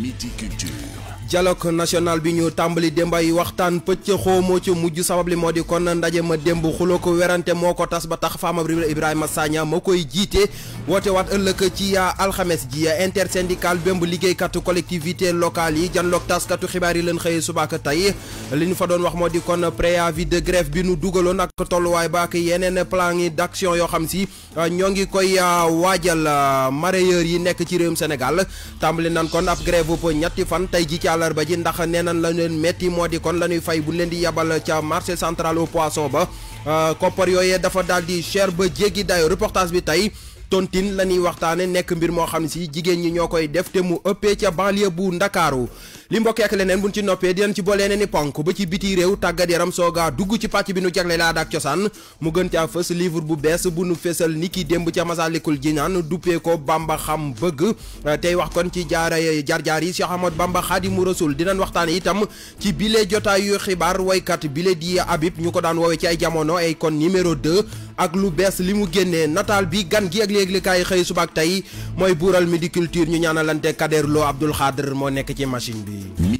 Méticulture dialog national bi ñu tambali démb ay waxtaan pëccëxoo moo ci mujj sabab li modi kon ndaje ma démb xuloo ko werante moo tas ba tax fama ibrahima ibrahim ma makoy jité woote wat ëlëk ci ya alxames ji ya intersyndical liggéey kat collectivité locale yi lok tas katu xibaari leen suba ka tay li ñu fa doon wax modi kon préavis de grève bi nu dugaloon ak way ba ak yenen plan yi d'action yo xam si euh, ñoo ngi koy euh, wajal euh, marayeur yi nekk ci réewum sénégal tambali nan kon ab grève bu ñatti fan tay ji àllarba ji ndax nee nañ la leen métti moo di kon la ñuy fay bu leen di yabal ca marché central au poisson ba euh, koppar yooyee dafa daal di cher ba jéggi dayo reportage bi tey tontine la ñuy waxtaane nekk mbir moo xam ne si jigéen ñi ñoo koy def te mu ëppee ca banlieue bu ndakaaru li mbokk ak leneen buñ ci noppee dinañ ci boole ne ni ponk ba ci biti réew tàggat yaram soogaa dugg ci pàcc bi nu jagle laa ak cosaan mu gën caa livre bu bees bu nu fesal ni ki démb ca Masaalikul Jinaan duppee ko Bamba xam bëgg tey wax kon ci jaara jaar-jaar yi si Ahmad Bamba Xaadimu Rasul dinan waxtaan itam ci bile jotaayu xibaar waykat bile di Habib ñu ko daan woowee ci ay jamono ay kon numéro 2 ak lu bees li mu génnee nataal bi gan gi ak yëglekaay yi xëy suba ak tey mooy buural midi culture ñu ñaanalante Kader Lo Abdoul Xaadir moo nekk ci machine bi.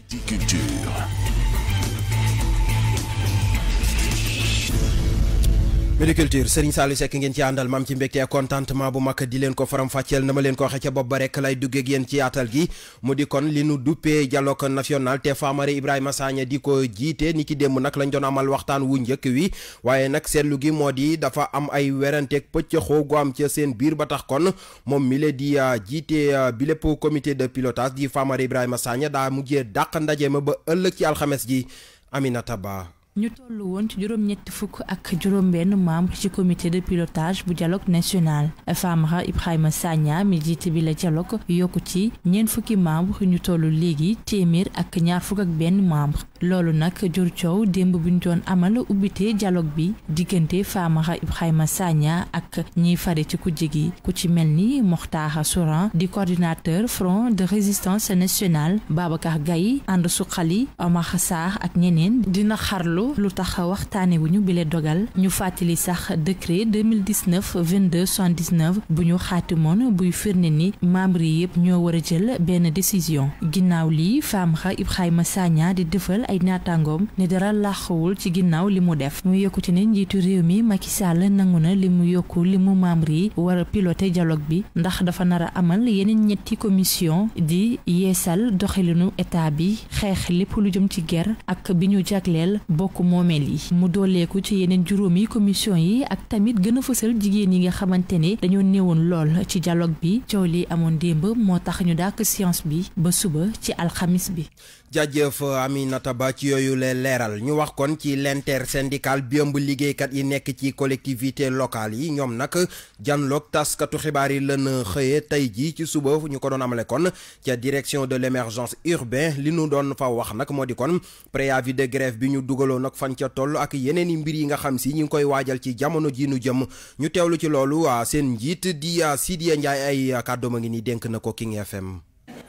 agriculture Serigne Saliou Seck ngeen ci àndal maam ci mbégte ak contentement bu mag di leen ko faram-fàcceel na leen ko waxee ca bopp ba rek lay duggee ak ci yaatal gi mu di kon li nu duppee dialogue national te Famara Ibrahima Sagna di ko jiite ni ki démb nag lañ doon amal waxtaan wu njëkk wi waaye nag seetlu gi moo di dafa am ay weranteeg pëccëxoo gu am ca seen biir ba tax kon moom mi la di ah, jiite ah, bi lépp comité de pilotage di Famara Ibrahima Sagna daa mujjee dàq ndaje ma ba ëllëg ci alxames ji Aminata Ba ñu tollu woon ci juróom-ñetti fukk ak juróom-benn membre ci comité de pilotage bu dialogue national Famara Ibrahima Sagna mi jiite bi la dialogue yokk ci ñeent fukki membre ñu toll léegi téeméer ak ñaar fukk ak benn membre loolu nag jur coow démb bu ñu doon amal ubbite dialogue bi diggante Famara Ibrahima Sagna ak ñiy fare ci kujje gi ku ci mel ni Mokhtar Souran di coordinateur front de résistance nationale Babacar Gaye ànd suqali Omar Sarr ak ñeneen dina xarlu lu tax waxtaane wu ñu bile dogal ñu fàttali sax décret 2019 22 79 bu ñu xaatimoon buy firnde ni membre yi yëpp ñoo war a jël benn décision ginnaaw lii Famara Ibrahima Sagna di defal ay naataangoom ne dara làqawul ci ginnaaw li mu def muy yokku ci ne njiitu réew mi Macky Sall nangu na li mu yokku li mu membre yi war a piloter dialogue bi ndax dafa nar a amal yeneen ñetti commission di yeesal doxalinu état bi xeex lépp lu jëm ci ger ak bi ñu jagleel bokk moomeel yi mu dooleeku ci yeneen juróomi commission yi ak tamit gën a fësal jigéen yi nga xamante ni dañoo néewoon lool ci dialogue bi coow li amoon démb moo tax ñu dàkk science bi ba suba ci alxamis bi jajeuf Aminata Ba ci yoyu le leral ñu wax kon ci l'intersyndicale biomb ëmb kat yi nek ci collectivité locale yi nak nag janloog taskatu xibaar yi lën xeye tay ji ci suba ñu ko don amale kon ci direction de l'émergence urbain li ñu don fa wax nak modi kon préavis de grève bi ñu dugalo nak fan ca toll ak yeneen i mbir yi nga xam si ñu koy wajal ci jamono ji ñu jëm ñu tewlu ci wa ah, sen njit di ah, sidia ay kaddo a ngi ni denk na ko King FM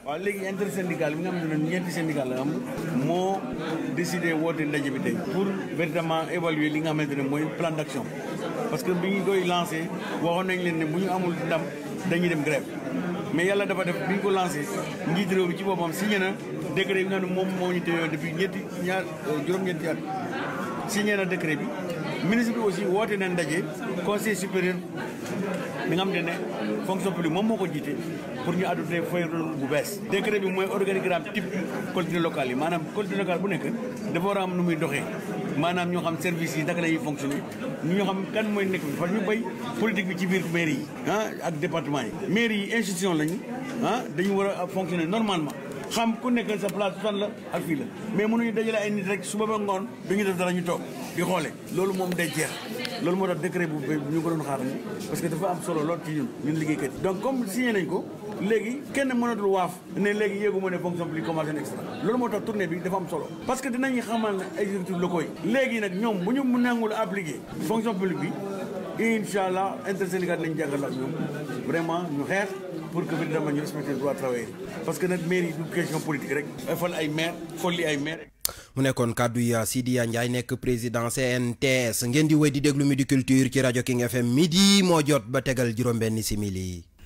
waaw léegi intersyndical bi nga xam ne ñeenti syndical am moo décidé woote ndaje bi tey pour véritablement évaluer li nga xamante ne mooy plan d' parce que bi ñu koy lancé waxoon nañ leen ne bu ñu amul ndam dañuy dem grève mais yàlla dafa def bi ñu ko lancé njiit réew bi ci boppam si na décret bi nga xam moom moo ñu téyoo depuis ñetti ñaar euh, juróom-ñetti at signé na décret bi ministre bi aussi woote na ndaje conseil supérieur mi nga te ne fonction publique moom moo ko jiite pour ñu adopté feuille de bu bees. décret bi mooy organigramme type collectivité local yi maanaam collectivité locale bu nekk dafa a am nu muy doxee maanaam ñoo xam service yi naka la ñuy fonctionner ñu xam kan mooy nekk fa ñu béy politique bi ci biir mairie yi. ah ak département yi. mairie yi institution lañu ah dañu war a fonctionner normalement. xam ku nekk sa place fan la ak fii la mais mënuñu dajale ay nit rek suba ba ngoon duñu def dara ñu toog di xoole loolu moom day jeex loolu moo tax décret bu ñu ko doon xaaral ni parce que dafa am solo lool ci ñun ñun liggéeykat yi donc comme signé nañ ko léegi léegi yéegu ma ne fonction publique commencé na extra loolu moo tax tournée bi dafa am solo parce que dinañu xamal exécutif locaux yi léegi nag ñoom bu ñu mu nangul appliqué fonction publique bi incha allah intersyndicat lañu jàngal ak ñoom vraiment ñu xeex pour que évidemment parce que nag mairie du question politique rek ay maire folli ay maire mu nekkoon kàddu yi Sidiya Ndiaye nekk président CNTS ngeen di wéy di déglu mi di Culture ci rajo King FM di moo jot ba tegal juróom-benn simili.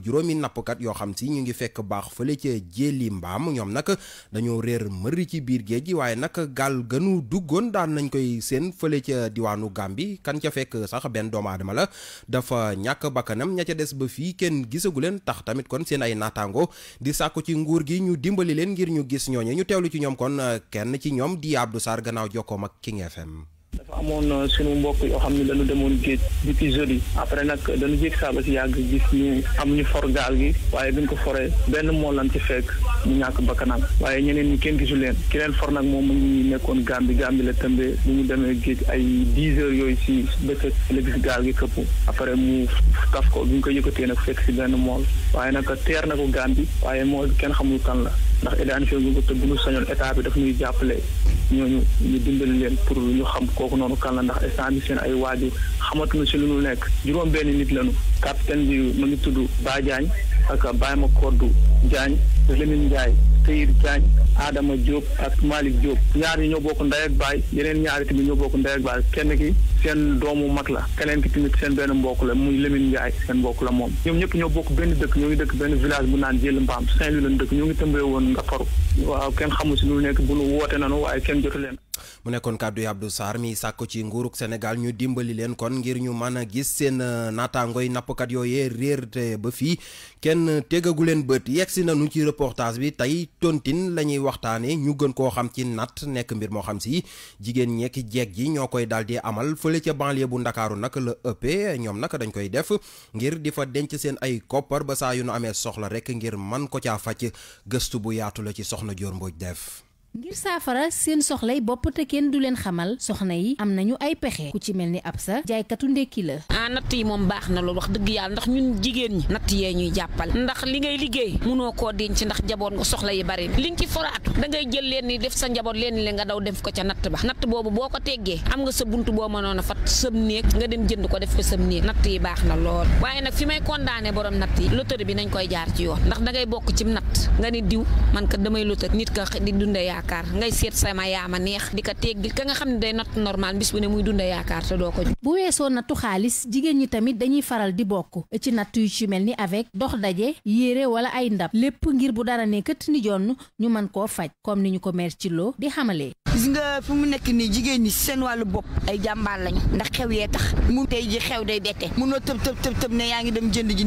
juróomi nappkat yoo xam si ñu ngi fekk baax fële ca jéeli mbaam ñoom nag dañoo réer mëri ci biir géej gi waaye nag gaal gënu duggoon daan nañ koy seen fële ca diwaanu bi kan ca fekk sax benn doomu aadama la dafa ñàkk bakkanam ña ca des ba fii kenn gisagu leen tax tamit kon seen ay naataango di sàkku ci nguur gi ñu dimbali leen ngir ñu gis ñooñe ñu teewlu ci ñoom kon kenn ci ñoom di Abdou saar gannaaw jokkoom ak King FM dafa amoon euh, suñu mbokk yoo xam ne dañu demoon géej depuis yi après nag dañu jéeg saaba si yàgg gis ñu am ñu for gaal gi waaye buñ ko foree benn moo lan ci fekk mu ñàkk bakkanam waaye ñeneen ñi kenn gisu leen ki leen for nag moom mu ngi nekkoon Gàmbi Gàmbi la tëmbee bu ñu demee géej ay dix heures yooyu si bëccëg la gis gaal gi këppu après mu taf ko bu ñu ko yëkkatee nag fekk si benn mool waaye nag teer na ko Gàmbi waaye moo kenn xamul kan la ndax émission bi nga ko te bu ñu sañoon état bi dafa ñuy jàppale ñooñu ñu dimbali leen pour ñu xam kooku noonu kan la ndax instant bi seen ay waajur xamatuñu si lu ñu nekk juróom benn nit lañu capitaine bi mu ngi tudd Badiagne ak Baye Makoddu Diagne Lamine Ndiaye Seyir Diagne Adama Diop ak Malick Diop ñaar ñi ñoo bokk ndey ak baay yeneen ñaari tamit ñoo bokk ndey ak baay kenn ki seen doomu mag la keneen ki tamit seen benn mbokk la muy Lamine Ndiaye seen mbokk la moom ñoom ñëpp ñoo bokk benn dëkk ñoo ngi dëkk benn village bu naan Jël Mbaam Saint-Louis lañ dëkk ñoo ngi tëmbee woon nga faru waaw kenn xamul si lu nekk bu nu woote nanu waaye kenn jotu leen mu nekkoon kàddu yi Abdou Sarr mi sàkk ci nguurug Sénégal ñu dimbali leen kon ngir ñu mën a gis seen euh, naataangooy nappkat yooyee réer te ba fii kenn tegagu leen bët yegsi nañu ci reportage bi tey tontin la ñuy waxtaanee ñu gën koo xam ci natt nekk mbir moo xam si jigéen ñekk jeeg ji ñoo koy daal di amal fële ca banlieue bu Ndakaaru nag la ëppee ñoom naka dañ koy def ngir di fa denc seen ay koppar ba saa yu nu amee soxla rek ngir man ko caa fàcc gëstu bu yaatu la ci soxna Dior Mbodj def ngir saafara seen soxlay bopp te kenn du leen xamal soxna yi am nañu ay pexe ku ci mel ni ab sa jaaykatu ndekki la ah natt yi moom baax na loolu wax dëgg yàlla ndax ñun jigéen ñi natt yee ñuy jàppal ndax li ngay liggéey munoo koo denc ndax jaboot nga soxla yi bari li nga ci foraatu da ngay jël leen ni def sa njaboot leen ni nga daw def ko ca natt ba natt boobu boo ko teggee am nga sa boo mënoon a fat sëm néeg nga dem jënd ko def ko sëm néeg natt yi baax na lool waaye nag fi may condamné boroom natt yi loterie bi nañ koy jaar ci yoon ndax da ngay bokk ci natt nga ni diw man kat damay loterie nit ka di dundee yaakaar ngay seet sama yaama neex di ko teggil ka nga xam ne day natt normal bis bu ne muy dunda yaakaar te doo ko bu weesoo nattu xaalis jigéen ñi tamit dañuy faral di bokk ci natt yu ci mel ni avec dox daje yére wala ay ndab lépp ngir bu dara ne kët ni jonn ñu mën koo faj comme ni ñu ko meer ci loo di xamalee gis nga fi mu nekk nii jigéen ñi seen wàllu bopp ay jàmbaar lañu ndax xew yee tax mu tey ji xew day bette munoo tëb tëb tëb tëb ne yaa ngi dem jënd ji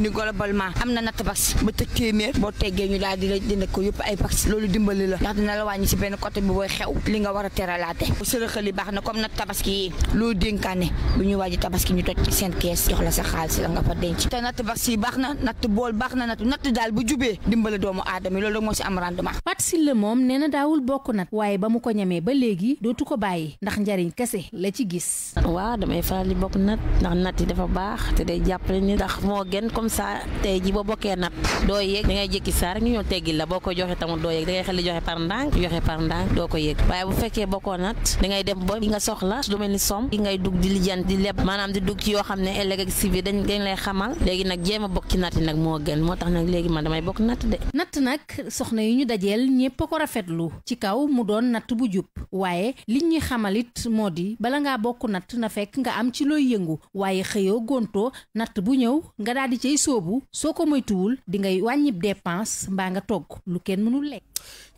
benn côté bu booy xew li nga war a teralaate sërëxal yi baax na comme nag tabaski yi loo dénkaane bu ñuy waaji tabaski ñu toj seen kees jox la sa xaalis la nga fa denc te natt bas yi baax na natt bool baax na natt natt daal bu jubee dimbale doomu aadama yi loolu moo si am rendement Fatou Sylla moom nee na daawul bokk nat waaye ba mu ko ñamee ba léegi dootu ko bàyyi ndax njariñ kese la ci gis waaw damay faral di bokk nat ndax nat yi dafa baax te day jàppale ni ndax moo gën comme ça tey ji boo bokkee nat doo yeeg da ngay jékki saa rek ñu ñëw teggi la boo ko joxee tamit doo par ndànk doo ko yëg waaye bu fekkee bokkoo nat da dem ba li nga soxla lu mel ni som yi ngay dugg di lijjan di leb maanaam di dugg ci yoo xam ne ëllëg ak sibi dañ dañ lay xamal léegi nag jéem a bokk ci natt yi nag moo gën moo tax nag léegi man damay bokk natt de natt nag soxna yu ñu dajeel ñépp a ko rafetlu ci kaw mu doon natt bu jub waaye liñ ñuy xamalit moo di bala ngaa bokk natt na fekk nga am ci looy yëngu waaye xëyoo gontoo natt bu ñëw nga daal di cay sóobu soo ko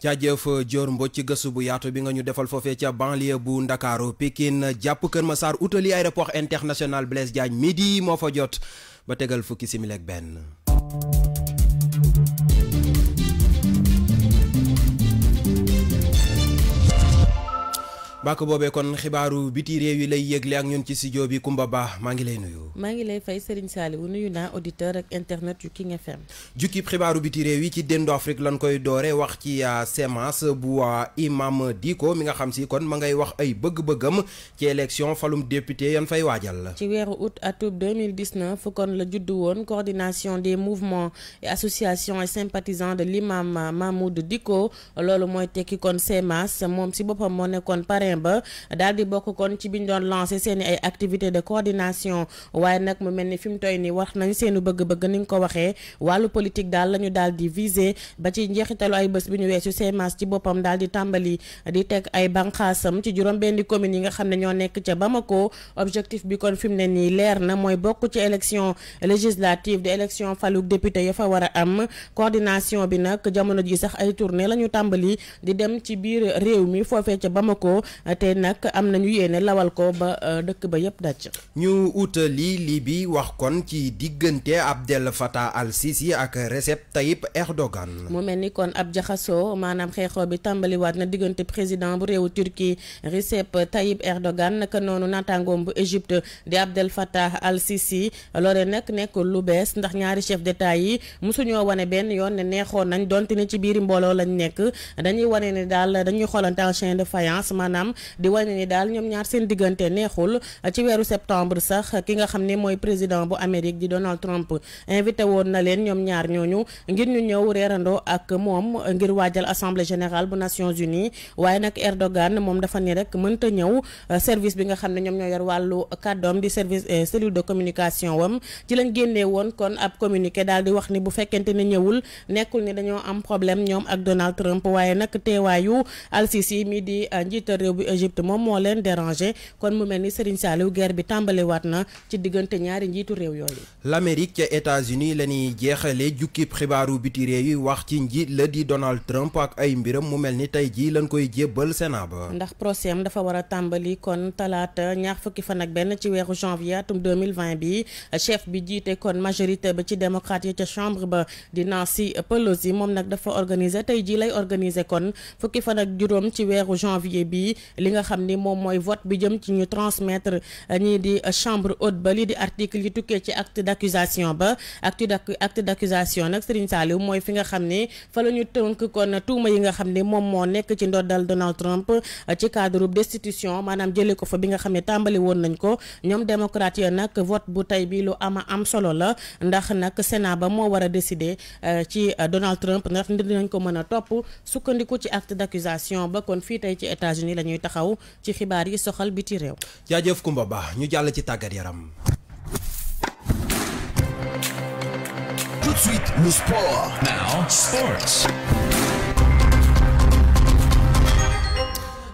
jaajëf Dior Mbodj ci gëstu bu yaatu bi nga ñu defal foofee ca banlieue bu Ndakaaru Pikine jàpp Kër Massar utali aéroport international Blaise Diagne midi moo fa jot ba tegal fukki simili ak benn. bàkk bobé kon xibaaru biti réew yi lay yeglé ak ñun ci studio bi Kumba Ba ma ngi lay nuyu. ma ngi lay fay Serigne Saliou nuyu na auditeur ak internet yu King FM. jukkib xibaaru biti réew yi ci dendo Afrique lan koy doore wax ci ah, semence bois ah, Imam Dicko mi nga xam si kon ma ngay wax ay bëgg-bëggam ci élection falum député yan fay wajal ci wéru août à atub 2019 kon la judd woon coordination des mouvements et associations et sympathisants de l'imam Mamoud Dicko lolu moy teki kon semence mom si bopam mo nekkon parrain terrain ba di bokk kon ci biñ doon lancer seen ay activité de coordination waye nak mu melni fim toy ni wax nañ seenu bëgg-bëgg niñ ko waxé walu politique dal lañu ñu di viser ba ci njeexitalu ay bëss biñu wéssu CMAS ci bopam daal di di tek ay banxasam ci juroom benni commune yi nga xamné ño nekk Bamako objectif bi kon fim mu ne nii na ci élection législative de élection faluk député ya fa wara am coordination bi nak jamono ji sax ay tournée la tambali di dem ci biir réew mi fofé ci Bamako te nag am nañu yéene lawal ko ba euh, dëkk ba yëpp daj. ñu utali lii bi wax kon ci diggante Abdel Fattah al-Sisi ak Recep Tayyip Erdogan. mu mel ni kon ab jaxasoo maanaam xeexoo bi tàmbaliwaat na diggante président bu réewu Turquie Recep Tayyip Erdogan naka noonu naataangoom bu Égypte di Abdel Fattah al-Sisi loolee nag nekk lu bees ndax ñaari chef d'état yi mosuñoo wane benn yoon ne neexoon nañ donte ne ci biir mbooloo lañ nekk dañuy wane ne daal dañuy xoolante en chien de faïence maanaam. am di wane ni daal ñoom ñaar seen diggante neexul ci weeru septembre sax ki nga xam ne mooy président bu Amérique di Donald Trump invité woon na leen ñoom ñaar ñooñu ngir ñu ñëw reerandoo ak moom ngir waajal assemblée général bu Nations Unies waaye nag Erdogan moom dafa ni rek mënta ñëw service bi nga xam ne ñoom ñoo yor wàllu kàddoom di service eh, cellule de communication wam ci lañ génnee woon kon ab communiqué daal di wax ni bu fekkente ne ñëwul nekkul ni dañoo am problème ñoom ak Donald Trump waaye nag teewaayu Al Sisi di eh, njiital réew bu Égypte mom mo len déranger kon mu melni Serigne Saliou guerre bi tambalé watna ci digënté ñaari njiitu réew yooyu. l'Amérique ca États-Unis lañi jéxalé jukki jukkib xibaaru biti réew yi wax ci njit le di Donald Trump ak ay mbiram mu melni ni tey lañ koy djébal Sénat ba. ndax procès am dafa war a kon talata ñaar fukki fan ak ben ci wéru janvier atum 2020 bi chef bi jité kon majorité ba ci démocrate yi chambre ba di Nancy Pelosi mom nak dafa organiser tey jii lay organiser kon fukki fan ak djuroom ci wéru janvier bi li nga xamni mom moy vote bi jëm ci ñu transmettre euh, ñi di euh, chambre haute ba li di article yi tuké ci acte d'accusation ba acte acte d'accusation nak Serigne Saliou moy fi nga xamni fa lañu ñu kon tuuma yi nga xamni mom mo moo nekk ci ndoddal Donald Trump euh, ci cadre destitution manam jëlé ko fa bi nga xam tambali won nañ ko ñom démocrate yi nag vote bu tay bi lu ama am solo la ndax nak Sénat ba mo wara décider ci Donald Trump ndax dinañ ko mëna top sukkandiku ci acte d'accusation ba kon fi tay ci États-Unis lañu ñuy taxaw ci xibaar yi soxal biti réew. jaajëf Kumba Ba ñu jàll ci tàggat yaram.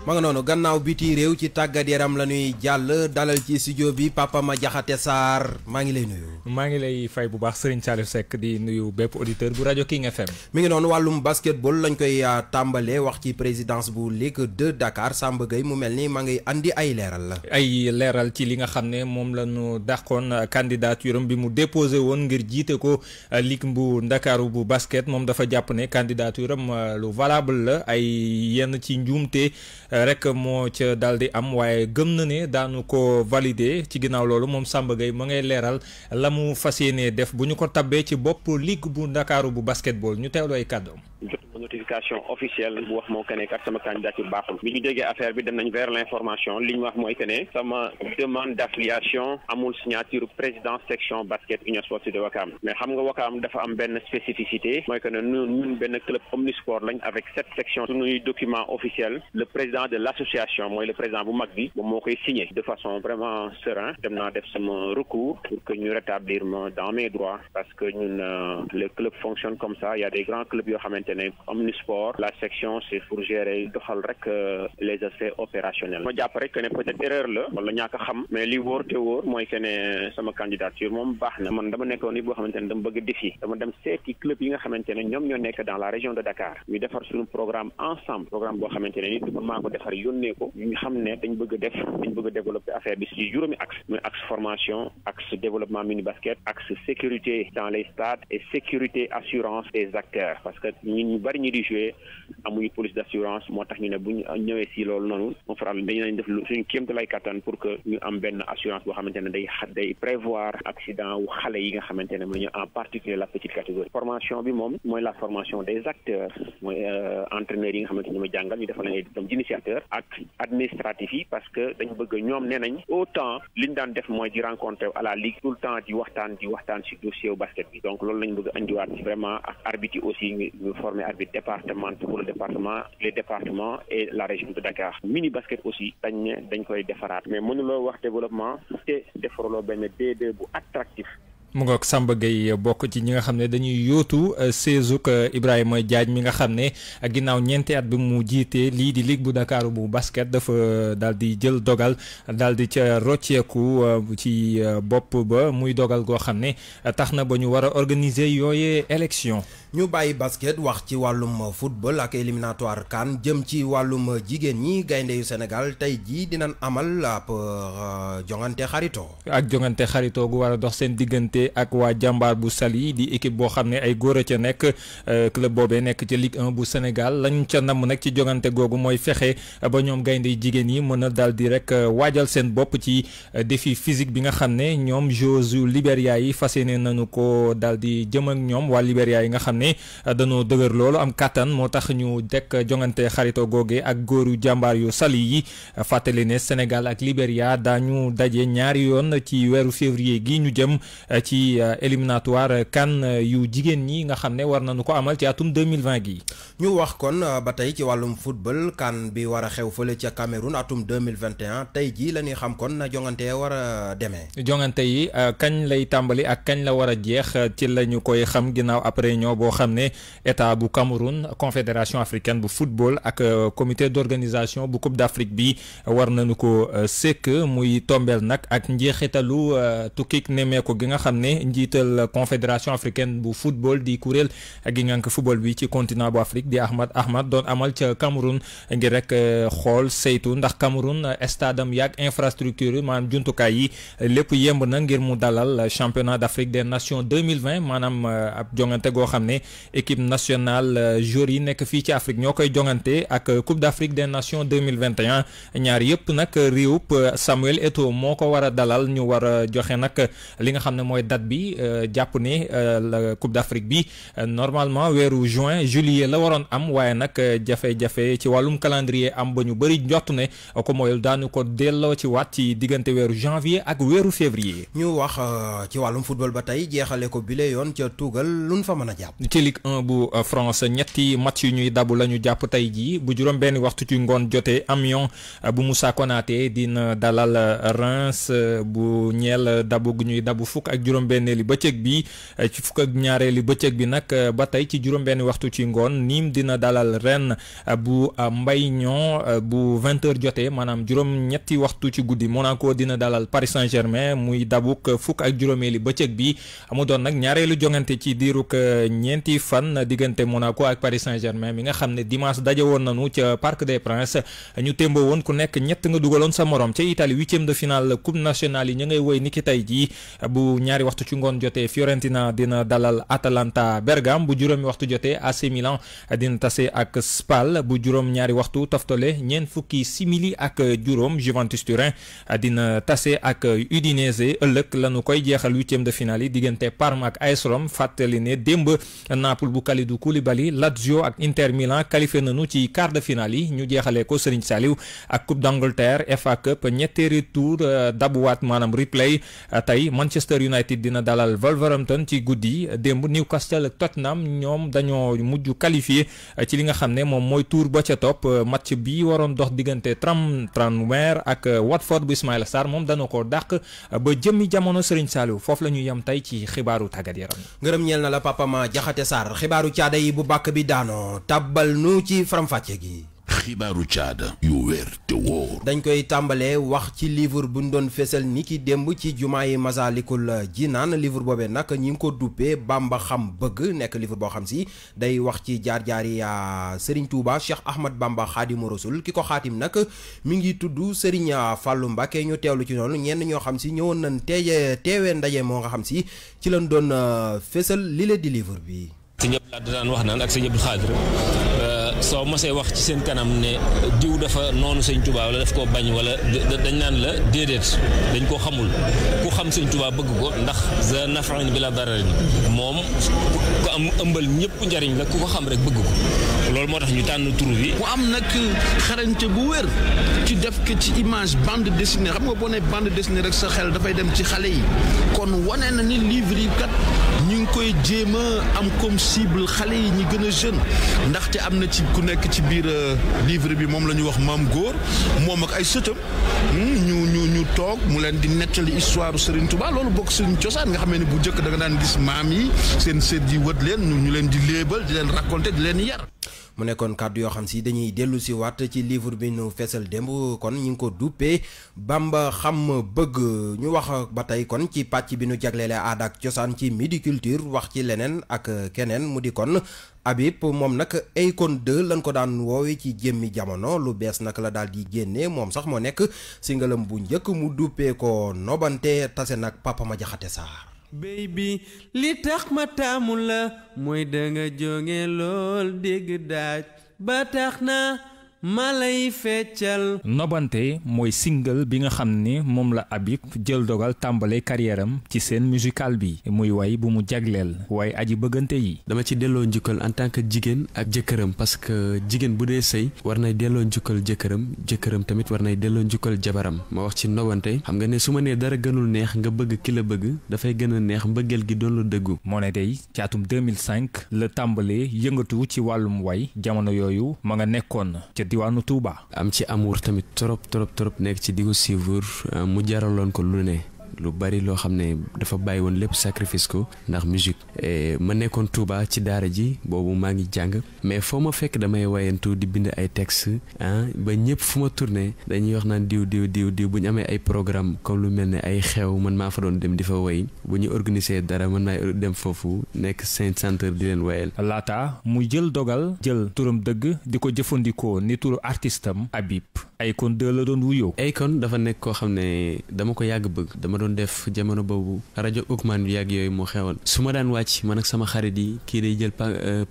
mang nga gannaaw biti rew ci tàggat yaram la ñuy dalal ci studio bi papa ma jaxate sar Mangi ngi lay nuyu maa lay fay bu baax serigne Salif sek di nuyu bépp auditeur bu radio King FM mi ngi non walum basketball lañ koy ah, tambalé wax ci présidence bu Ligue 2 Dakar Samba gay mu melni ni ma andi ay la ay leeral ci li nga xamné mom lañu candidature bi mu déposer won ngir jité ko ah, Ligue bu Dakar bu basket mom dafa japp né candidature ah, lu valable la ay yenn ci rek moo ca daal di am waaye gën na ne daanu ko valider ci ginnaaw loolu moom Samba Gueye ma ngay leeral la mu fas yéenee def bu ñu ko tabee ci bopp ligue bu ndakaaru bu basketball ñu teewlu ay kàddoom une notification officielle bu wax mo que je kat sama candidature baaxul bi ñu déggee affaire bi dem nañ vers l'information liñ wax moy que sama demande d'affiliation amul signature président section basket union sportive de Wakam. mais xam nga Wakam dafa am une spécificité Nous, que ne ñun ben club omnisport lañ avec sept sections suñuy document officiel le président de l'association, le président bu mag bi moom signé de façon vraiment serein dem na def sama recours pour que ñu rétablir dans mes droits parce que euh, le club fonctionne comme ça Il y a des grands clubs yo xamante xamante omnisport la section c'est pour gérer doxal rek euh, les aspects opérationnels ma jàpp rek que ne peut-être erreur la wala ñaka xam mais li wóor te wóor mooy que ne sama candidature mom baxna man dama nekkoon nit boo xamante dama bëgg défi dama dem seeti club yi nga xamantene ñom ñoo nekk dans la région de Dakar ñu défar suñu programme ensemble programme bo xamantene ni dama duma maa ko defar yónnee ko ñu xamne dañ bëgg def dañ bëgg développer affaire bi ci juroomi axe muy axe formation axe développement mini basket axe sécurité dans les stades et sécurité assurance des acteurs parce que ñun ñu bari ñu di joué amuñu police d'assurance motax moo ñu ne bu ñëwé ci si loolu noonu on faral dañu nañ def suñu kemt lay kattan pour que ñu am benn assurance bo xamantene day day prévoir accident wu xalé yi nga xamantene ne ñu en particulier la petite catégorie formation bi mom moy la formation des acteurs moy euh, entraîneur yi nga xamantene ñu ma jàngal ñu defal ay initiateur ak administratif yi parce que dañu bëgg ñom nenañ autant liñ ñu daan def moy di rencontrer à la ligue tout le temps di waxtaan di waxtaan ci dossier au basket bi donc loolu lañ bëgg waat vraiment ak arbitre aussi formé arbitre départemental pour le département les départements et la région de Dakar mini basket aussi dañ dañ koy defaraat mais mënuloo wax développement te defaraloo benn D2 bu attractif. mu ngoog Samba Gueye bokk ci ñi nga xam ne dañuy yóotu euh, seezuk euh, Ibrahim Diagne mi nga xam ne ginnaaw ñeenti at bi mu jiitee lii di ligue bu Dakar bu basket dafa euh, daal di jël dogal daal di ca rocceeku ci bopp ba muy dogal goo xam ne tax na ba ñu war organiser yooyee élection. ñu bayyi basket wax ci walum football ak éliminatoire kan jëm ci walum jigen ñi gaynde yu Sénégal tay ji dinañ amal ab euh, jongante xarito ak jongante xarito gu wara dox seen digënté ak wa jambar bu sali di équipe bo xamné ne ay góor ci nek euh, club bobé nek ci Ligue 1 bu Sénégal lañ ci nam nak ci jongante gogu moy fexé ba ñom gaynde jigen yi mëna dal di rek euh, wajal seen bop ci défi physique bi nga xamné ne josu liberia yi fas nañu ko dal di jëm ak ñom wa liberia yi nga xamné ne eh, dañoo dëgër loolu am kattan moo tax ñu dekk jongante xarito googe ak góoru jàmbaar yu sali yi fàttali ne Sénégal ak Libéria daañu daje ñaari yoon ci weeru février gi ñu jëm eh, ci eh, éliminatoire CAN yu jigéen ñi nga xam ne war nañu ko amal ci atum 2020 gi ñu wax kon ba tey ci wàllum football CAN bi war a xew fële ca Cameroun atum 2021 tey jii la ñuy xam kon na jongante war a demee jongante yi kañ lay tàmbali ak kañ la war a jeex ci la koy xam ginnaaw après ñoo état bu Cameroun confédération africaine bu football ak euh, comité d'organisation bu coupe d'Afrique bi war nañu ko euh, sekk muy tomber nak ak njeexitalu euh, tukik nemeko gi nga xam ne njiital confédération africaine bu football di kuréel gi ngànk football bi ci continent bu Afrique di Ahmad Ahmad Don amal Cameroun ngir rek xol ndax Cameroun stadium Yak infrastructure manam maanaam kai yi lépp yemb na ngir championnat d'Afrique des nations 2020 Manam ab jongante équipe nationale euh, joueurs nek fi ci Afrique ñoo jonganté ak euh, Coupe d'Afrique des Nations 2021 ñaar yépp nak euh, réewup Samuel eto moko wara dalal ñu wara joxé nak li nga xamné moy date bi né la Coupe d'Afrique bi normalement wéru juin juillet la waron am waaye nak jafe-jafe ci walum calendrier am ba ñu bëri njott ne ko moy daanu ko delloo ci waat ci janvier ak wéru février. ñu wax ci walum football ba tey jeexale ko bile yoon ci tougal luñ fa mëna japp ci Ligue 1 bu euh, France ñetti match yu ñuy dabu la ñu jàpp tey jii bu juróom benn waxtu ci ngoon jotee Amiens euh, bu Moussa Konaté dina euh, dalal Reims bu ñeel dabu dabu fukk ak juróom benneeli bëccëg bi ci fukk ak ñaareeli bëccëg bi nag ba tey ci juróom waxtu ci ngoon Nîmes dina dalal Rennes bu Mbaye-Niang bu vingt jotee maanaam juróom waxtu ci guddi Monaco dina dalal Paris saint muy dabuk fukk ak juróomeeli bëccëg bi doon nag ñaareelu jongante ci diiruk ñeent ñeenti fan diggante Monaco ak Paris Saint-Germain mi nga xam ne dimanche daje woon nañu ca Parc des Princes ñu témbo woon ku nekk ñett nga dugaloon sa morom ca Italie huitième de finale coupe nationale yi ñu ngay woy niki tey jii bu ñaari waxtu ci ngoon jotee Fiorentina dina dalal Atalanta Bergame bu juróomi waxtu jotee AC Milan dina tase ak Spal bu juróom ñaari waxtu toftale ñeent fukki simili ak juróom Juventus Turin dina tase ak Udinese ëllëg lañu koy jeexal Naples bu Kalidou Koulibaly Lazio ak Inter Milan qualifié nañu ci quart de finale yi ñu jeexalee ko Serigne Saliou ak Coupe d'Angleterre FA Cup ñetteeri tour euh, dabuwaat maanaam replay euh, tey Manchester United dina dalal Wolverhampton ci guddi démb Newcastle ak Tottenham ñoom dañoo mujj qualifié euh, ci li nga xam ne moom mooy tour ba ca topp match bi waroon dox diggante Tranmere ak Watford bu Ismaïla Sarr moom dana ko dàq ba jëmmi jamono Serigne Saliou foofu la ñu yem tey ci xibaaru tàggat yaram. Jaxate Sarr xibaaru caada yi bu bàkk bi daanoo tàbbal nu ci faramfàcce fàcce gi xibaaru caada yu wér te dañ koy tàmbalee wax ci livre bu ñu doon fesal ni ki démb ci jumaa yi Masaalikul Jinaan livre boobee nag ñi ngi ko duppee Bamba xam bëgg nekk livre boo xam si day wax ci jaar-jaar yi Serigne Touba Cheikh Ahmad Bamba Xaadimu Rasul ki ko xaatim nag mi ngi tudd Serigne Fallou Mbacké ñu teewlu ci noonu ñenn ñoo xam si ñëwoon nañ teeye teewee ndaje moo nga xam si ci lañ doon euh, fesal li la di livre bi sëñ Abdou daan wax naan ak sëñ Abdou Khadre euh, soo mosee wax ci seen kanam ne diw dafa noonu sëñ Tuubaa wala daf koo bañ wala dañ naan la déedéet dañ koo xamul ku xam sëñ Tuubaa bëgg ko ndax za nafarin bi la dararin moom ku am ëmbal ñëpp njariñ la ku ko xam rek bëgg ko loolu moo tax ñu tànn tur bi ku am nag xarañte bu wér ci def ko ci image bande dessinée xam nga boo nee bande dessinée rek sa xel dafay dem ci xale yi kon wane na ni livre yi kat ñu ngi koy jéem a am comme cible xale yi ñi gën a jeune ku nekk ci biir euh, livre bi moom la ñu wax maam góor moom ak ay sëtam hmm, ñu ñu ñu toog mu leen di nettali histoire Serigne Touba loolu bokk suñu cosaan nga xam ne bu njëkk danga daan gis maam yi seen sët yi wët leen ñu leen di léebal di leen raconter di leen yar. mu nekkoon kàddu yoo xam si dañuy dellu si waat ci livre bi nu fesal démb kon ñu ngi ko duppee Bamba xam ma bëgg ñu wax ba tey kon ci pàcc bi nu jagleele aada ak cosaan ci midi culture wax ci leneen ak keneen mu di kon Habib moom nag Akon 2 lañ ko daan woowe ci jëmmi jamono lu bees nag la daal di génnee moom sax moo nekk singalam bu njëkk mu duppee ko nobante tase nag Papa Ma Jaxate Saar béy bi li tax ma taamu la mooy danga jonge lool dégg daaj ba tax na ma lay feccal nobante mooy single bi nga xam ne moom la ab Habib jël dogal tàmbalee carrière ci seen musical bi muy way bu mu jagleel waaye aji bëggante yi dama ci delloo njukkal en tant que jigéen ak jëkkëram parce que jigéen bu dee sëy war nay delloo njukkal jëkkëram jëkkëram tamit war nay delloo njukkal jabaram ma wax ci nobante xam nga ne su ma nee dara gënul neex nga bëgg ki bëgg dafay gën a neex mbëggeel gi doon la dëggu moo ne tey ci atum 2005 la tàmbale yëngatu ci wàllum jamono yooyu diwaanu Touba. am ci amour tamit trop trop trop nekk ci di ko suivre euh, mu jaraloon ko lu ne. lu bari loo xam ne dafa bàyyi woon lépp sacrifice ko ndax musique eh, ma nekkoon Touba ci daara ji boobu maa ngi jàng mais foo ma fekk damay wayantu di bind ay texte ah ba ñëpp fu ma tourné dañuy wax naan diw diw diw diw bu ñu amee ay programme comme lu mel ne ay xew man maa fa doon dem di fa woy bu ñu organiser dara man maay dem foofu nekk seen centre di leen woyal laata mu jël dogal jël turam dëgg di ko jëfandikoo ni turu artistam Habib Akon 2 la doon ay kon dafa nekk koo xam ne dama ko yàgg bëgg doon def jamono boobu rajo Ukman yàgg yooyu moo xewoon su ma daan wàcc man ak sama xarit yi kii day jël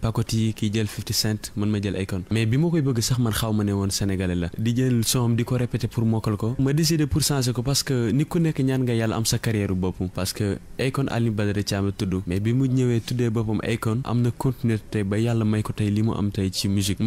pakot euh, yi kii jël 50 cent man ma jël Akon mais bi ma koy bëgg sax man xaw ma ne woon sénégalais la di jël son di ko répété pour mokkal ko ma décidé pour changer ko parce que ku nekk ñaan nga yàlla am sa carrière bopp parce que Akon Alioune Badara tudd mais bi mu ñëwee tuddee boppam Akon am na continuité ba yàlla may ko tey li mu am tey ci musique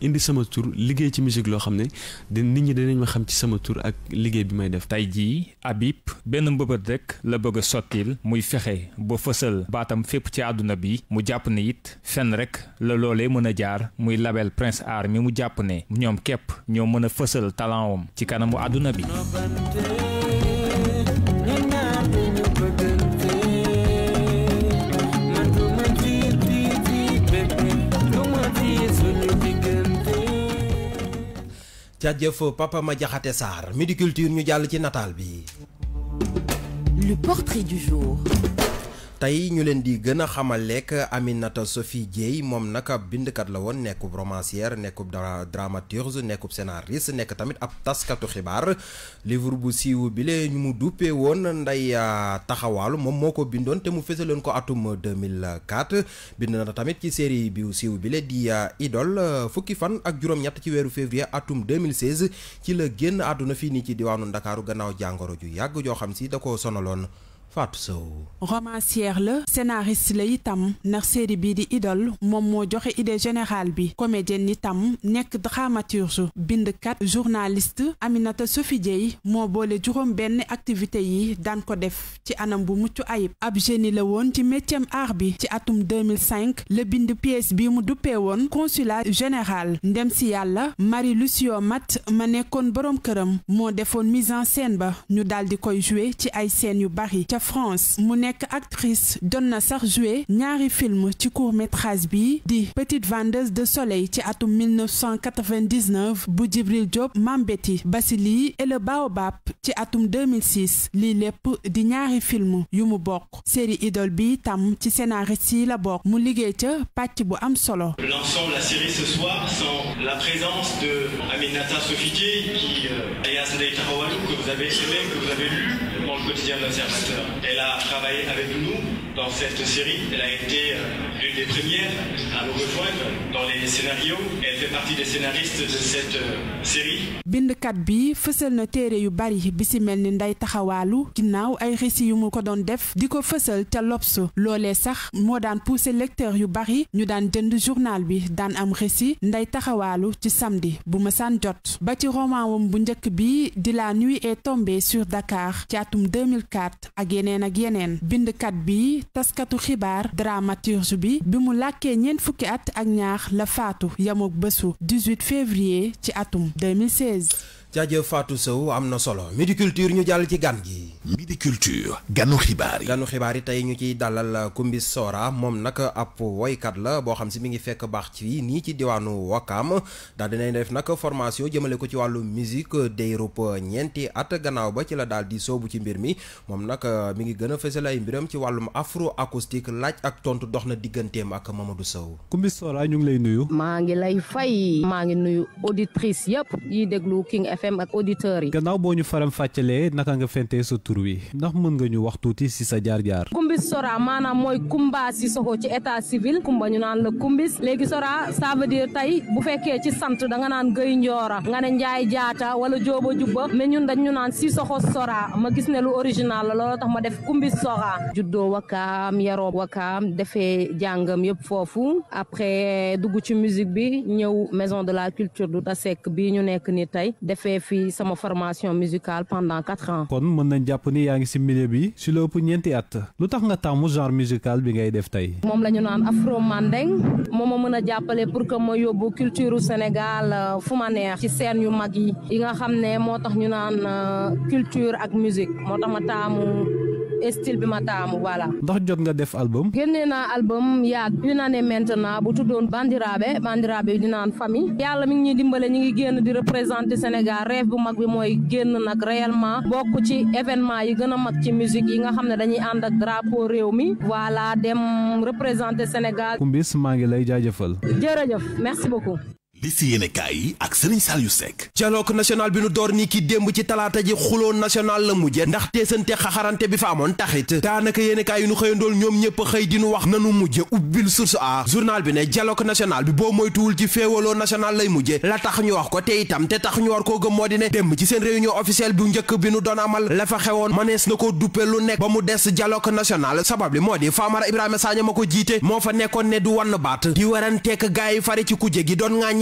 indi sama tur liggéey ci musique loo xam ne di nit ñi dinañ ma xam ci sama tur ak liggéey bi may def. tey jii Habib benn mbëbët rek la bëgg sottil muy fexe boo fësal baatam fépp ci àdduna bi mu jàpp ne it fenn rek la loolee mën a jaar muy label Prince Art mi mu jàpp ne ñoom képp ñoo mën a fësal talentam ci kanamu àdduna bi. jaajëf Papa Madiakhaté Sarr Midi Culture ñu jàll ci bi. Le portrait du jour. tey ñu leen di gën a xamal lekk Aminata Sophie Dieye moom nag ab bindkat la woon nekkub romancière nekkub dramaturge nekkub scénariste nekk tamit ab taskatu xibaar livre bu siiw bile ñu mu duppee woon nday euh, taxawaalu moom moo ko bindoon te mu fësaloon ko atum 2004 bind na tamit ci série bi siiw bile di euh, Idole euh, fukki fan ak juróom-ñett ci weeru février atum 2016 ci la génn àdduna fii nii ci diwaanu Ndakaaru gannaaw jàngoro ju yàgg joo xam si da ko sonaloon Fatou romancière scénariste la itam na série bi di idole mom mo joxe idée générale bi comédienne itam nek dramaturge bindkat journaliste Aminata Sophie Dieye mo bolé juróom ben activité yi dan ko def ci anam bu muccu ayib ab génie le won ci métier art bi ci atum 2005 le bind pièce bi mu consulat général ndem Marie Lucio Mat ma Con Borom këram moo mise en scène ba ñu daal di koy jouer ci ay scène yu bari France mu actrice Donna Sarjoué, Nyari film ci court métrage bi Petite vendeuse de soleil ci atum 1999 bu Djibril Diop Basili et le Baobab ci atum 2006 Lillepou, lepp di ñaari film yu Bok, série idolbi, bi tam ci scénariste la Bok, mu am solo. L'ensemble de la série ce soir sans la présence de Aminata qui est euh, Ndeye Taxawalou que vous avez aimé que vous avez lu le quotidien de serviteur. Elle a travaillé avec nous dans cette série. Elle a été euh, l'une des premières à rejoindre dans les scénarios. Elle fait partie des scénaristes de cette euh, série. bindkat bi fësal na téere yu bari bi si mel ni nday taxawaalu ay récits yu mu def Diko ko fësal ca lobs sax pousser lecteur yu bari ñu journal bi dan am récit nday samedi bu ma jot ba roman bu bi la nuit est tombée sur Dakar ci 2004 ak Agenen. ak yeneen bindkat bi taskatu xibaar dramaturge bi bi mu lakkee ñeent fukki at ak ñaax la faatu yamook bésu 18 février ci atum 2016 jaajëf Fatou Sow am solo midi culture ñu jàll ci gan gi. midi culture ganu xibaar ganu xibaar yi tey ñu ciy dalal Koumbi Sora moom nag ab woykat la boo xam si mi ngi fekk baax ci nii ci diwaanu Wakaam daal dinañ def nag formation jëmale ko ci wàllu musique déyrub ñeenti at gannaaw ba ci la dal di soobu ci mbir mi moom nag uh, mi ngi gën a ay mbiram ci wàllum afro acoustique laaj ak tontu dox na digganteem ak Mamadou Sow. Koumbi Sora ñu ngi lay nuyu. maa ngi lay fay. maa ngi nuyu auditrice yëpp yi déglu King FM ak auditeurs yi. gannaaw boo ñu faram fàccelee naka nga fentee sa tur wi ndax mën nga ñu wax tuuti si sa jaar jaar. Kumbis Sora maanaam mooy Kumba Sissoko ci état civil Kumba ñu naan la Kumbis léegi Sora ça tey bu fekkee ci sant danga naan Guèye Ndiora nga ne Ndiaye Diatta wala Jooba Jubba mais ñun dañ ñu naan si Sissoko Sora ma gis ne lu original la looloo tax ma def Kumbis Sora. juddoo wakaam yaroo wakaam defee jàngam yëpp foofu après dugg ci musique bi ñëw de la culture defee fii sama formation musicale pendant quatre ans. kon mën nañ jàpp ni yaa ngi si milieu bi si lu ëpp ñeenti at. lu tax nga tàmmu genre musical bi ngay def tey. moom la ñu naan afro mandeng moom moo mën a jàppale pour que ma yóbbu culture Sénégal euh, fu ma neex. ci seen yu mag yi. yi nga xam ne moo tax ñu naan euh, culture ak musique moo tax ma taamu. style bi ma taamu voilà. ndax jot nga def album. génnee naa album yàgg une année maintenant bu tuddoon Bandirabe Bandirabe yi dinaan famille. yàlla mi ngi ñuy dimbale ñu ngi génn di représenter Sénégal rêve bu mag bi mooy génn nag réellement bokk ci événement yi gën a mag ci musique yi nga xam ne dañuy ànd ak drapeau réew mi voilà dem représenter Sénégal. Kumbis maa ngi lay jaajëfal. jërëjëf merci beaucoup. li si yéene kaay yi ak Serigne Saliou Seck dialogue national bi nu door nii démb ci talaata ji xuloo national la mujje ndax teesante xaxarante bi fa amoon taxit daanaka yéene kaay nu xëyandool ñoom ñëpp xëy di wax nanu mujje ubbil source a journal bi ne dialogue national bi boo moytuwul ci féewaloo national lay mujje la tax ñu wax ko te itam te tax ñu war koo gëm moo di ne démb ci seen réunion officielle bu njëkk bi nu doon amal la fa xewoon na koo duppe lu nekk ba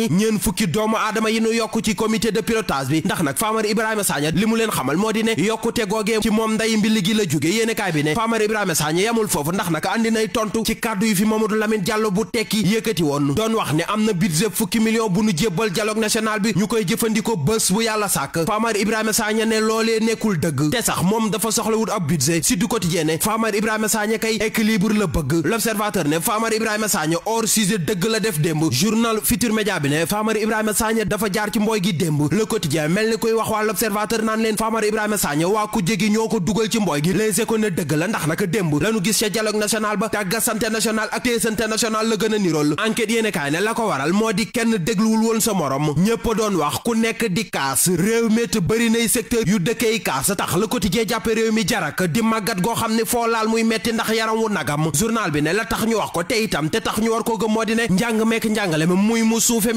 yi ñeen fukki doomu aadama yi nu yokk ci comité de pilotage bi ndax nag Famara Ibrahima Sagna li mu leen xamal moo di ne yokkute googee ci moom nday mbili gi la jóge yéenekaay bi ne Famara Ibrahima Sagna yamul foofu ndax nag andi nay tontu ci kàddu yu fi Mamadou Lamine Diallo bu tekki yëkkati woon doon wax ne am na budget fukki million bu nu jébbal dialogue national bi ñu koy jëfandikoo bés bu yàlla sàkk Famara Ibrahima Sagna ne loolee nekkul dëgg te sax moom la bëgg l'observateur ne Famara Ibrahima Sagna la def démb ne Famara Ibrahima Sagna dafa jaar ci mboy gi démb le quotidien mel ni koy wax waa l'observateur naan leen Famara Ibrahima Sagna waa ku jégi ñoo ko dugal ci mboy gi les éco dëgg la ndax naka démb lañu gis ca dialogue national ba tàggasante national ak téesante national la gën a nirool enquête yéene ne la ko waral moo di kenn dégluwul woon sa morom ñëpp doon wax ku nekk di kaas réew métt bëri nay secteur yu dëkkey kaas tax goo xam ne foo laal muy metti ndax yaram wu nagam journal bi ne la tax ñu ko te itam te tax ñu war ko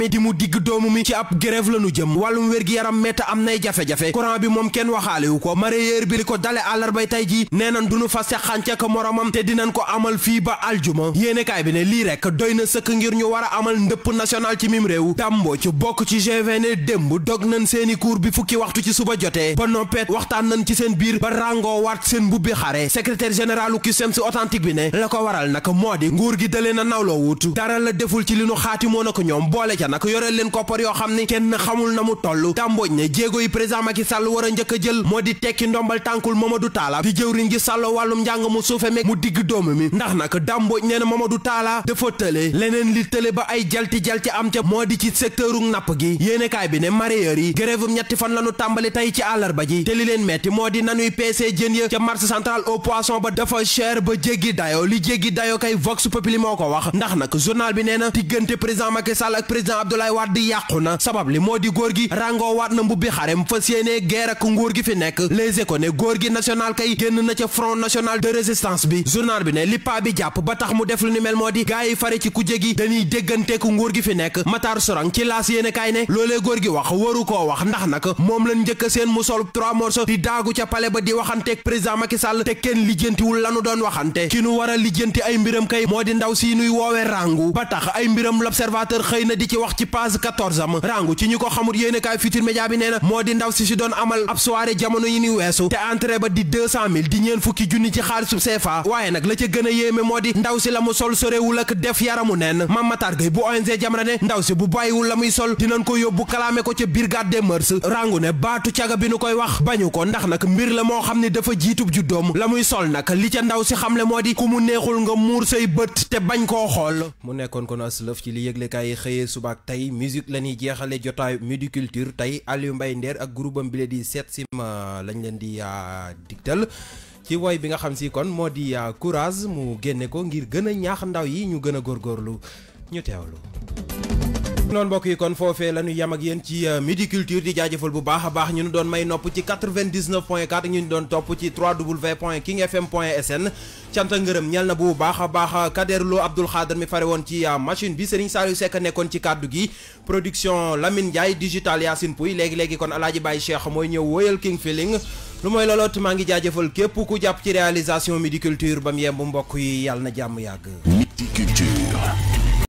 di mu digg doomu mi ci ab grève la nu jëm wàllum wér-gi-yaram metta am nay jafe-jafe courant bi moom kenn waxaalewu ko mareyeur bi li ko dale àllarbay tey ji nee nan duñu fa sexance ko moromam te dinañ ko amal fii ba aljuma yéenekaay bi ne lii rekk doy na sëkk ngir ñu war a amal ndëpp national ci mim réew dàmboo ci bokk ci G20 ne démb dog nañ seeni cours bi fukki waxtu ci suba jotee ba noppeet waxtaan nañ ci seen biir ba ràngoo waat seen mbubbi xare secrétaire général u CUSEMS authentique bi ne la ko waral nag moo di nguur gi dalee na nawloo wut dara la deful ci li nu xaati moo na ko ñoom boole ca nag nag yoreel leen koppar yoo xam ne kenn xamul na mu toll tàmbooj ne jéego yi président Macky Sall war a njëkk a jël moo di tekki ndombal tànkul Mamadou Talla di jëwriñ gi sàllo wàllum njàng mu suufe meg mu digg dóomu mi ndax nag dàmbooj nee na Mamadou Talla dafa tële leneen li tële ba ay jalti-jalti am ca moo di ci secteuru napp gi yéenekaay bi ne mareyeur yi grèvum ñetti fan lanu tàmbali tey ci àllarba ji te li leen metti moo di nanuy peese jën ya ca Abdoulaye waat di yàqu na sabab li moo di góor gi ràngoo waat na mbubbi xarem fas yéenee guerre ak nguur gi fi nekk Les Échos góor gi national kay génn na ca front national de résistance bi journal bi ne li bi jàpp ba tax mu def lu ni mel moo di gaa yi fare ci kujje gi dañuy dégganteeku nguur gi fi nekk Matar Sorang ci laas yéene kaay ne loolee góor gi wax waru ko wax ndax nag moom lañ njëkk seen mu sol trois morceaux di daagu ca palais ba di waxanteeg président Macky Sall te kenn lijjantiwul lanu doon waxante ki nu war a lijjanti ay mbiram kay moo di ndaw si nuy woowee ràngu ba tax ay mbiram l'observateur xëy na di ci wax ci page 14 am rangu ci ñi ko xamul yéenekaay Futurs Médias bi nee na moo di ndaw si si doon amal ab soirée jamono yi ni weesu te entrée ba di 200000 di ñeen fukki junni ci xaalisub CFA waaye nag la ca gën a yéeme moo di ndaw si la mu sol sorewul ak def yaramu neen Mame Matar Gueye bu ONG Jamra ne ndaw si bu bàyyiwul la muy sol dinañ ko yóbbu kalaame ko ca brigade des mœurs rangu ne baatu caga bi nu koy wax bañu ko ndax nag mbir la moo xam ne dafa jiitub ju doom la muy sol nag li ca ndaw si xamle moo di ku mu neexul nga muur say bët te bañ koo xool mu nekkoon kon aslëf ci li yëglekaay yi xëyee subaak tey musique la ñuy jeexale jotaayu Midi Culture tey Aliou Mbaye Nder ak groupe bi bi di seet sima lañ leen di ah, digtal ci woy bi nga xam si kon moo di ah, courage mu génne ko ngir gën a ñaax ndaw yi ñu gën a góorgóorlu ñu teewlu noonu mbokk yi kon foofee la ñu yam ak yéen ci euh, midi culture di jaajafal bu baax a baax ñu doon may nopp ci 99 point 4 ñu doon topp ci 3w point king fm point sn cant ak ngërëm ñel na bu baax a baax euh, Kader Lo Abdoul Xaadar mi fare woon ci euh, machine bi Serigne Saliou sekk nekkoon ci kaddu gi production Lamine Ndiaye digital Yacine Pouy léegi-léegi kon alaaji Baye Cheikh mooy ñëw wóoyal king feeling lu mooy looloot maa ngi jaajëfal képp ku jàpp ci réalisation midi culture ba mu yemb mbokk yi yàlla na jàmm yàgg